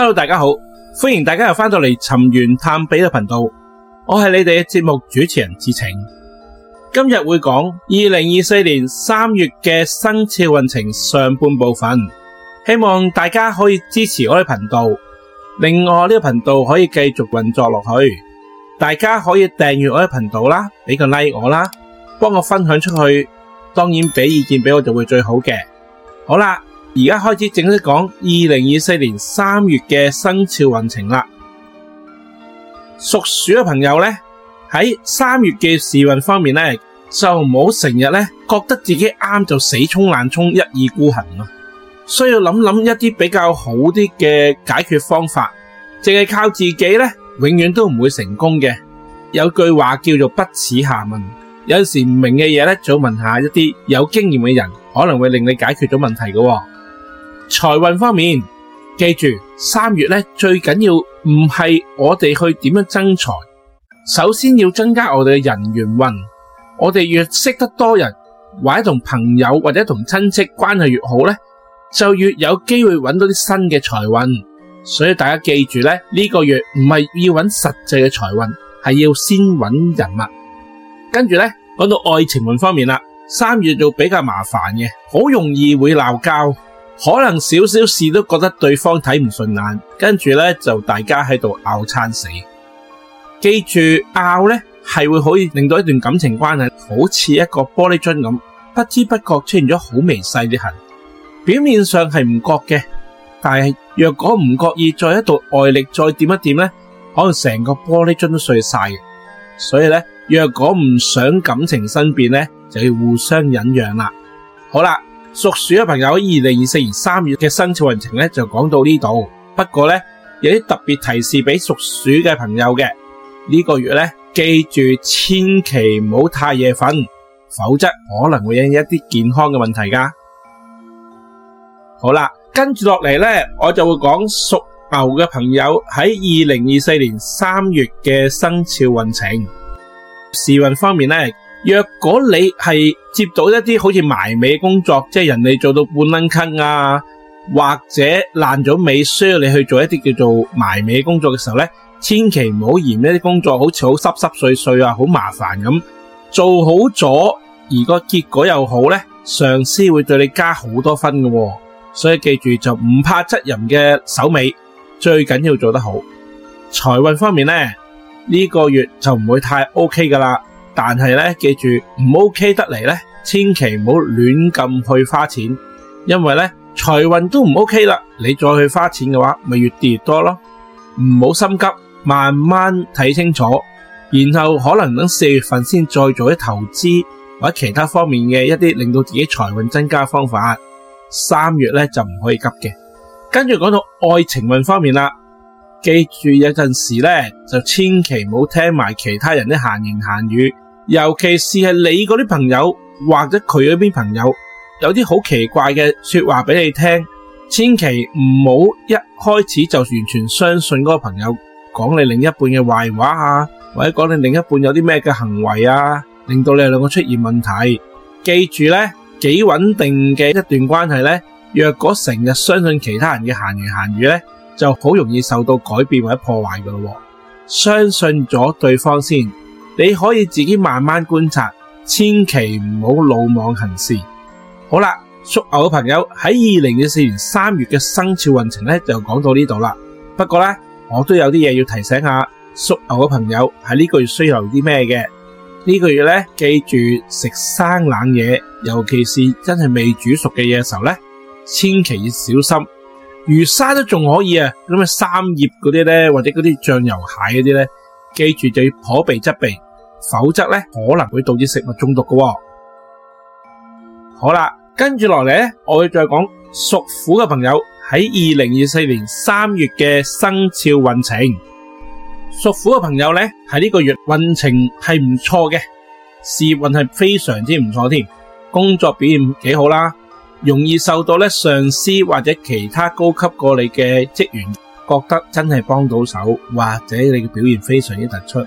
Hello，大家好，歡迎大家又返到嚟尋源探秘嘅頻道，我係你哋嘅節目主持人智澄，今日會講二零二四年三月嘅生肖運程上半部分，希望大家可以支持我哋頻道，另外，呢個頻道可以繼續運作落去，大家可以訂閱我哋頻道啦，俾個 like 我啦，幫我分享出去，當然俾意見俾我就會最好嘅，好啦。而家開始正式講二零二四年三月嘅生肖運程啦。屬鼠嘅朋友咧，喺三月嘅時運方面咧，就唔好成日咧覺得自己啱就死衝爛衝，一意孤行啊！需要諗諗一啲比較好啲嘅解決方法。淨係靠自己咧，永遠都唔會成功嘅。有句話叫做不恥下問，有時唔明嘅嘢咧，早問下一啲有經驗嘅人，可能會令你解決咗問題噶。財運方面，記住三月咧最緊要唔係我哋去點樣增財，首先要增加我哋嘅人緣運。我哋越識得多人，或者同朋友或者同親戚關係越好咧，就越有機會揾到啲新嘅財運。所以大家記住咧，呢個月唔係要揾實際嘅財運，係要先揾人物。跟住咧，講到愛情運方面啦，三月就比較麻煩嘅，好容易會鬧交。可能少少事都覺得對方睇唔順眼，跟住呢就大家喺度拗餐死。記住拗呢係會可以令到一段感情關係好似一個玻璃樽咁，不知不覺出現咗好微細啲痕，表面上係唔覺嘅，但係若果唔覺意再一度外力再點一點呢，可能成個玻璃樽都碎晒。所以呢，若果唔想感情生變呢，就要互相忍讓啦。好啦。屬鼠嘅朋友，喺二零二四年三月嘅生肖運程咧就講到呢度。不過咧，有啲特別提示俾屬鼠嘅朋友嘅，呢個月咧，記住千祈唔好太夜瞓，否則可能會引一啲健康嘅問題噶。好啦，跟住落嚟咧，我就會講屬牛嘅朋友喺二零二四年三月嘅生肖運程。時運方面咧。若果你係接到一啲好似埋尾工作，即係人哋做到半拎坑啊，或者爛咗尾需要你去做一啲叫做埋尾工作嘅時候咧，千祈唔好嫌呢啲工作好似好濕濕碎碎啊，好麻煩咁。做好咗，而個結果又好咧，上司會對你加好多分噶啊。所以記住就唔怕執人嘅手尾，最緊要做得好。財運方面咧，呢、呢個月就唔會太 OK 噶啦。但係咧，記住唔 OK 得嚟咧，千祈唔好亂咁去花錢，因為咧財運都唔 OK 啦，你再去花錢嘅話，咪越跌越多咯。唔好心急，慢慢睇清楚，然後可能等四月份先再做一投資或者其他方面嘅一啲令到自己財運增加方法。三月咧就唔可以急嘅。跟住講到愛情運方面啦。記住有陣時咧，就千祈唔好聽埋其他人的閒言閒語，尤其是係你嗰啲朋友或者佢嗰邊朋友有啲好奇怪嘅說話俾你聽，千祈唔好一開始就完全相信嗰個朋友講你另一半嘅壞話啊，或者講你另一半有啲咩嘅行為啊，令到你兩個出現問題。記住咧，幾穩定嘅一段關係咧，若果成日相信其他人嘅閒言閒語咧。就好容易受到改變或者破壞噶咯，相信咗對方先，你可以自己慢慢觀察，千祈唔好魯莽行事。好啦，屬牛嘅朋友喺二零二四年三月嘅生肖運程咧就講到呢度啦。不過咧，我都有啲嘢要提醒下屬牛嘅朋友，喺呢個月需要留啲咩嘅？呢個月咧，記住食生冷嘢，尤其是真係未煮熟嘅嘢嘅時候咧，千祈要小心。魚生都仲可以啊，咁啊三葉嗰啲咧，或者嗰啲醬油蟹嗰啲咧，記住就要可避則避，否則咧可能會導致食物中毒噶。好啦，跟住落嚟，咧，我會再講屬虎嘅朋友喺二零二四年三月嘅生肖運程。屬虎嘅朋友咧，喺呢個月運程係唔錯嘅，事業運係非常之唔錯添，工作表現幾好啦。容易受到咧上司或者其他高級過你嘅職員覺得真係幫到手，或者你嘅表現非常之突出。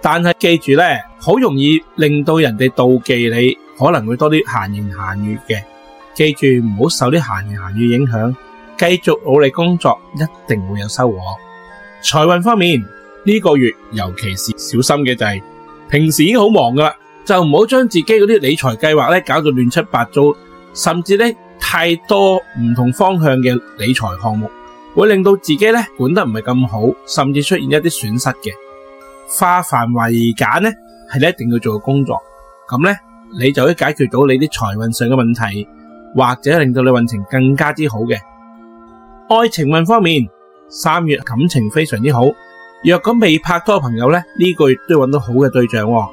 但係記住咧，好容易令到人哋妒忌你，可能會多啲閒言閒語嘅。記住唔好受啲閒言閒語影響，繼續努力工作，一定會有收穫。財運方面呢個月，尤其是小心嘅就係平時已經好忙噶啦，就唔好將自己嗰啲理財計劃咧搞到亂七八糟。甚至咧太多唔同方向嘅理財項目，會令到自己咧管得唔係咁好，甚至出現一啲損失嘅。化繁為簡咧係你一定要做嘅工作。咁咧你就可以解決到你啲財運上嘅問題，或者令到你運程更加之好嘅。愛情運方面，三月感情非常之好。若果未拍拖嘅朋友咧呢、呢個月都要搵到好嘅對象，哦，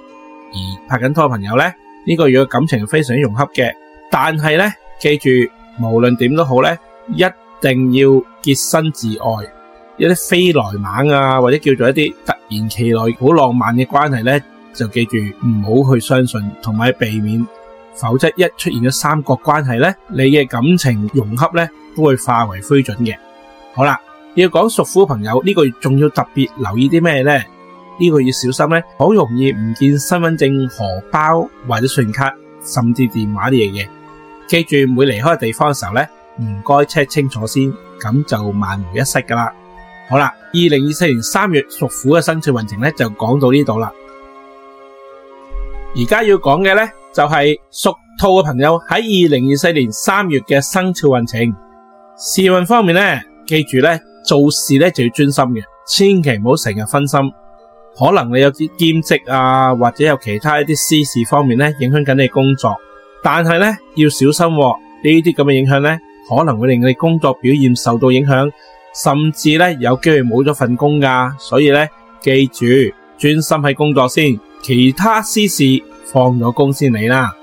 而拍緊拖嘅朋友咧呢、呢個月嘅感情係非常融洽嘅。但係咧，記住無論點都好咧，一定要潔身自愛。一啲飛來猛啊，或者叫做一啲突然其來好浪漫嘅關係咧，就記住唔好去相信同埋避免，否則一出現咗三角關係咧，你嘅感情融洽咧都會化為灰燼嘅。好啦，要講屬虎朋友呢個月仲要特別留意啲咩咧？呢個月要小心咧，好容易唔見身份證、荷包或者信用卡，甚至電話啲嘢嘅。記住每離開地方嘅時候咧，唔該 check 清楚先，咁就萬無一失噶啦。好啦，二零二四年三月屬虎嘅生肖運程咧就講到呢度啦。而家要講嘅咧就係屬兔嘅朋友喺二零二四年三月嘅生肖運程。事運方面咧，記住咧做事咧就要專心嘅，千祈唔好成日分心。可能你有啲兼職啊，或者有其他一啲私事方面咧影響緊你工作。但係咧，要小心喎，呢啲咁嘅影響咧，可能會令你工作表現受到影響，甚至咧有機會冇咗份工噶。所以咧，記住專心喺工作先，其他私事放咗工先理啦。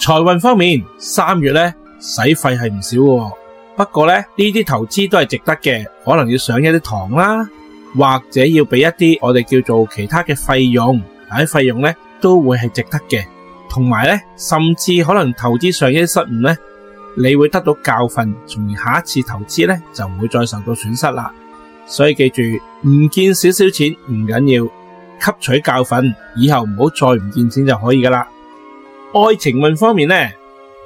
財運方面，三月咧使費係唔少喎，不過咧呢啲投資都係值得嘅，可能要上一啲堂啦，或者要俾一啲我哋叫做其他嘅費用，但係費用咧都會係值得嘅。同埋咧，甚至可能投資上嘅失誤咧，你會得到教訓，從而下一次投資咧就唔會再受到損失啦。所以記住，唔見少少錢唔緊要，吸取教訓，以後唔好再唔見錢就可以噶啦。愛情運方面咧，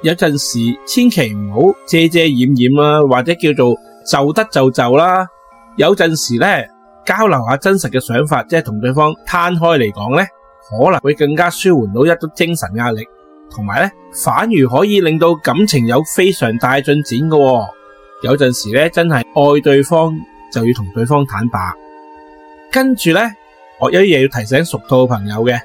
有陣時千祈唔好遮遮掩掩啦，或者叫做就得就就啦。有陣時咧，交流下真實嘅想法，即係同對方攤開嚟講咧。可能會更加舒緩到一啲精神壓力，同埋咧反而可以令到感情有非常大進展嘅喎。有陣時咧真係愛對方就要同對方坦白。跟住咧，我有啲嘢要提醒屬兔嘅朋友嘅，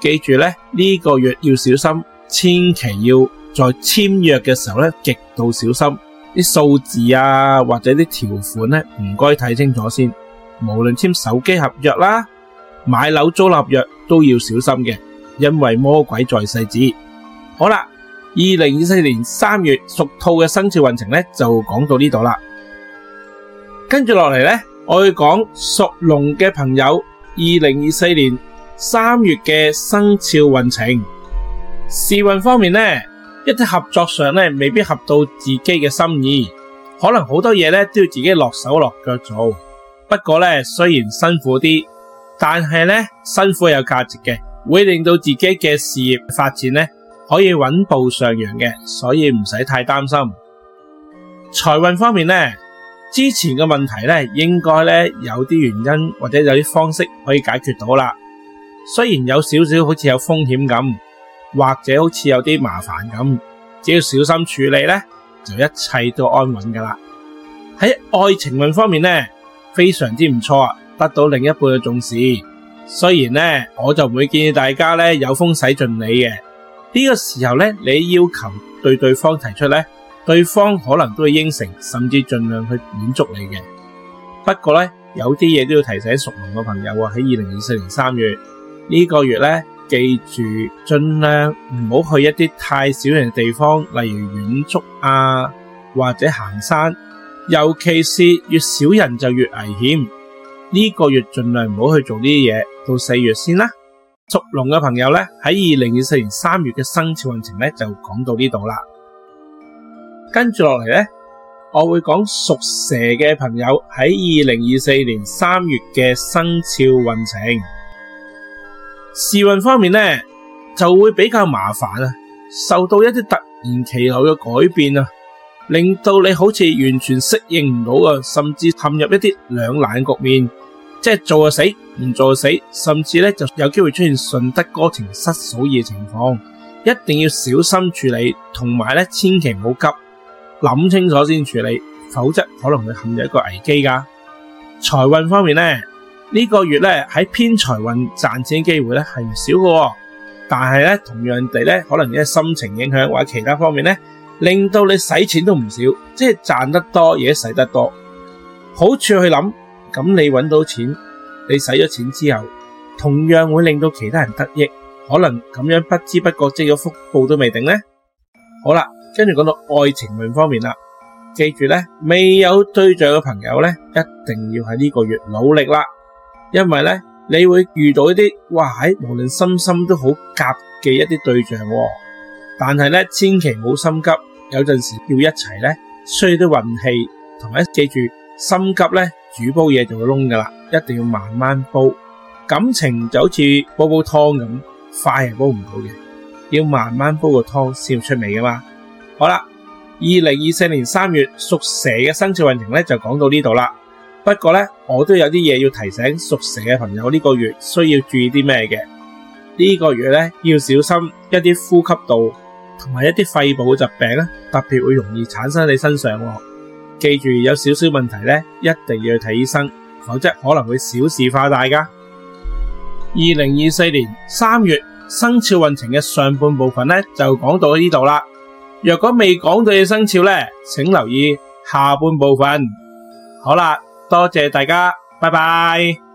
記住咧呢個月要小心，千祈要在簽約嘅時候咧極度小心啲數字啊或者啲條款咧唔該睇清楚先，無論簽手機合約啦。買樓租立約都要小心嘅，因為魔鬼在細節。好啦，二零二四年三月屬兔嘅生肖運程咧，就講到呢度啦。跟住落嚟咧，我會講屬龍嘅朋友二零二四年三月嘅生肖運程。事運方面呢，一啲合作上咧未必合到自己嘅心意，可能好多嘢咧都要自己落手落腳做。不過呢，雖然辛苦啲。但係呢，辛苦有價值嘅，會令到自己嘅事業發展呢，可以穩步上揚嘅，所以唔使太擔心。財運方面呢，之前嘅問題呢應該呢有啲原因或者有啲方式可以解決到啦。雖然有少少好似有風險咁，或者好似有啲麻煩咁，只要小心處理呢，就一切都安穩㗎啦。喺愛情運方面呢，非常之唔錯啊！得到另一半嘅重視，雖然呢，我就唔會建議大家呢有風使盡你嘅呢個時候呢，你要求對對方提出呢，對方可能都會應承，甚至盡量去滿足你嘅。不過呢，有啲嘢都要提醒屬龍嘅朋友啊。喺二零二四年三月呢個月呢，記住盡量唔好去一啲太少人嘅地方，例如遠足啊，或者行山，尤其是越少人就越危險。呢個月盡量唔好去做呢啲嘢，到四月先啦。屬龍嘅朋友呢，喺二零二四年三月嘅生肖運程呢就講到呢度啦。跟住落嚟呢，我會講屬蛇嘅朋友喺二零二四年三月嘅生肖運程。事運方面呢，就會比較麻煩啊，受到一啲突然其來嘅改變啊。令到你好似完全適應唔到啊，甚至陷入一啲兩難局面，即係做又死，唔做又死，甚至咧就有機會出現順得哥情失嫂意嘅情況，一定要小心處理，同埋咧千祈唔好急，諗清楚先處理，否則可能會陷入一個危機噶。財運方面咧，呢、呢個月咧喺偏財運賺錢機會咧係唔少嘅，哦，但係咧同樣地咧，可能因為心情影響或者其他方面咧。令到你使錢都唔少，即係賺得多嘢使得多，好處去諗，咁你搵到錢，你使咗錢之後，同樣會令到其他人得益，可能咁樣不知不覺積咗福報都未定咧。好啦，跟住講到愛情運方面啦，記住咧，未有對象嘅朋友咧，一定要喺呢個月努力啦，因為咧你會遇到一啲哇唉，無論心心都好夾嘅一啲對象，但係咧千祈唔好心急。有陣時要一齊咧，需要啲運氣，同埋記住心急咧煮煲嘢，就會燶噶啦，一定要慢慢煲。感情就好似煲煲湯咁，快係煲唔到嘅，要慢慢煲個湯先出味噶嘛。好啦，二零二四年三月屬蛇嘅生肖運程咧就講到呢度啦。不過咧，我都有啲嘢要提醒屬蛇嘅朋友呢個月需要注意啲咩嘅。呢、這個月咧要小心一啲呼吸道。同埋一啲肺部嘅疾病呢特別會容易產生喺你身上。記住有少少問題呢一定要去睇醫生，否則可能會小事化大㗎。二零二四年三月生肖運程嘅上半部分呢，就講到呢度啦。若果未講到嘅生肖呢，請留意下半部分。好啦，多謝大家，拜拜。